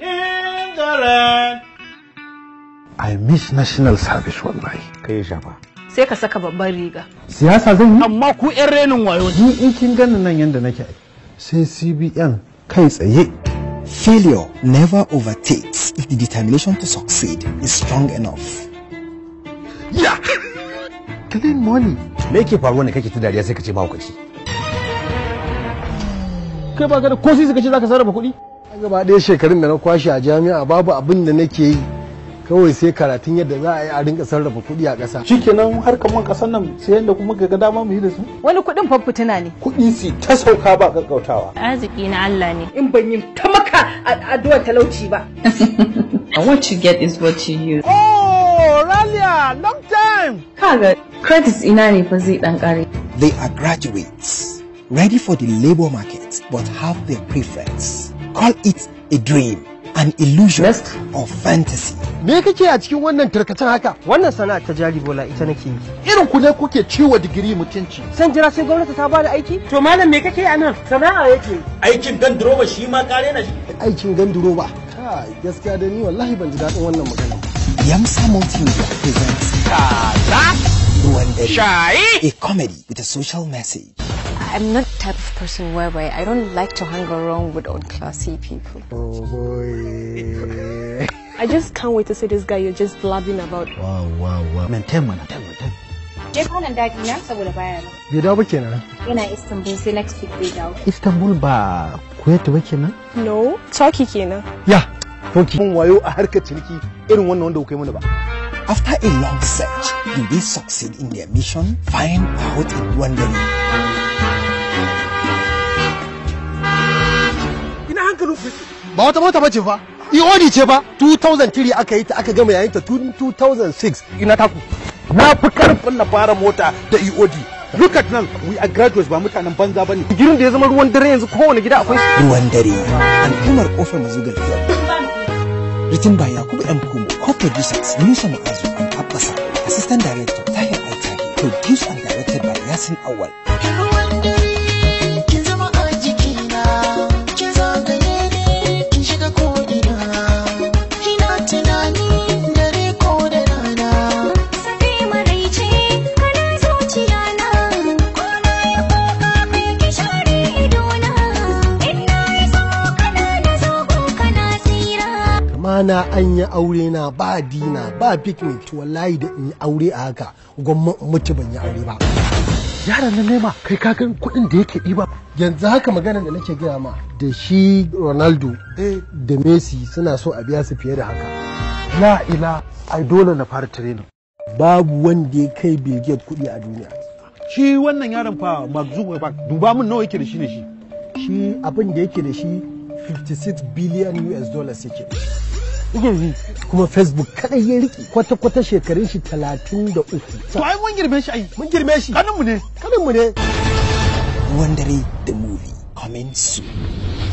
in the land. I miss national service wallahi. Kai shafa. Sai ka saka babban riga. Siyasa zan yi. Amma ku 'yan renin wayo. Ni in kin gani nan yadda nake sai CBN kai tsaye. Failure never overtakes if the determination to succeed is strong enough. Yeah! Clean money. Me yake faruwa ne kake ta dariya sai ka ce mahaukaci? Kai ba ka da ko sai ka ce za ka sarrafa kuɗi? gaba ɗaya shekarun da na kwashe a jami'a babu abin da nake yi kawai sai karatun yadda za a yi a rinka sarrafa kuɗi a ƙasa shikenan harkar man ƙasar nan sai yadda kuma ga dama mu yi da su wani kuɗin fa ne kuɗi si ta sauka ba kakkautawa arziki na Allah ne in ban yi ta maka addu'a talauci ba and what you get is what you use oh Ralia long time kaga credit ina ne fa zai dan kare they are graduates ready for the labor market but have their preference call it a dream an illusion Next. of fantasy. Me kake a cikin wannan tarkacen haka? Wannan sana'a ta jari bola ita nake yi. Irin ku ne kuke ciwo digiri mutunci. San jira sai gwamnati ta bada aiki? To malam me kake a nan? Sana'a yake. Aikin duroba shi ma kare na shi. Aikin duroba Kai gaskiya da ni wallahi ban ji daɗin wannan magana. Yamsa Multimedia presents Kaza Ruwan Dare. Shayi. A comedy with a social message. I'm not type of person whereby I don't like to hang around with classy people. Oh boy. I just can't wait to see this guy you're just blabbing about. Wow, wow, wow. Man, tell me, tell me, tell me. Je kwanan daji na saboda baya nan. Bai kenan. Yana Istanbul sai next week Istanbul ba Kuwait kenan? No, Turkey kenan. Ya, Turkey. Mun wayo a harkar ciniki irin wannan wanda kuka yi ba. After a long search, did they succeed in their mission? Find out in one day. hankalin ba wata mota bace fa ioni ce fa 2003 aka yi ta aka gama yayin ta 2006 ina taku na fi karfin na fara mota da EOD look at nan we are graduates ba mutanen banza bane girin da ya zama ruwan dare yanzu kowane gida akwai ruwan dare al'ummar kofar mazugal fiyar written by Yakubu M. Kumo co-producers Musa Ma'azu and Abbasa assistant director Tahir Aitaki produced and directed by Yasin Awal rana an yi aure na ba dina ba picnic to wallahi da in yi aure a haka gwamma mutu ban yi aure ba yaran nan nema kai ka gan kuɗin da yake ɗiba yanzu haka maganar da nake gaya ma da shi ronaldo eh. da messi suna so a biya su fiye da haka la ila ai dole na fara training babu wanda ya kai bill gates kuɗi a duniya shi wannan yaron fa mark zuckerberg duba min nawa yake da shi ne shi shi abin da yake da shi 56 billion US dollars yake da shi kuma facebook kadai ya riki kwata-kwata shekarun shi talatin da uku to ai mun girme shi ai mun girme shi kanin mu ne kanin mu ne wandare the movie coming soon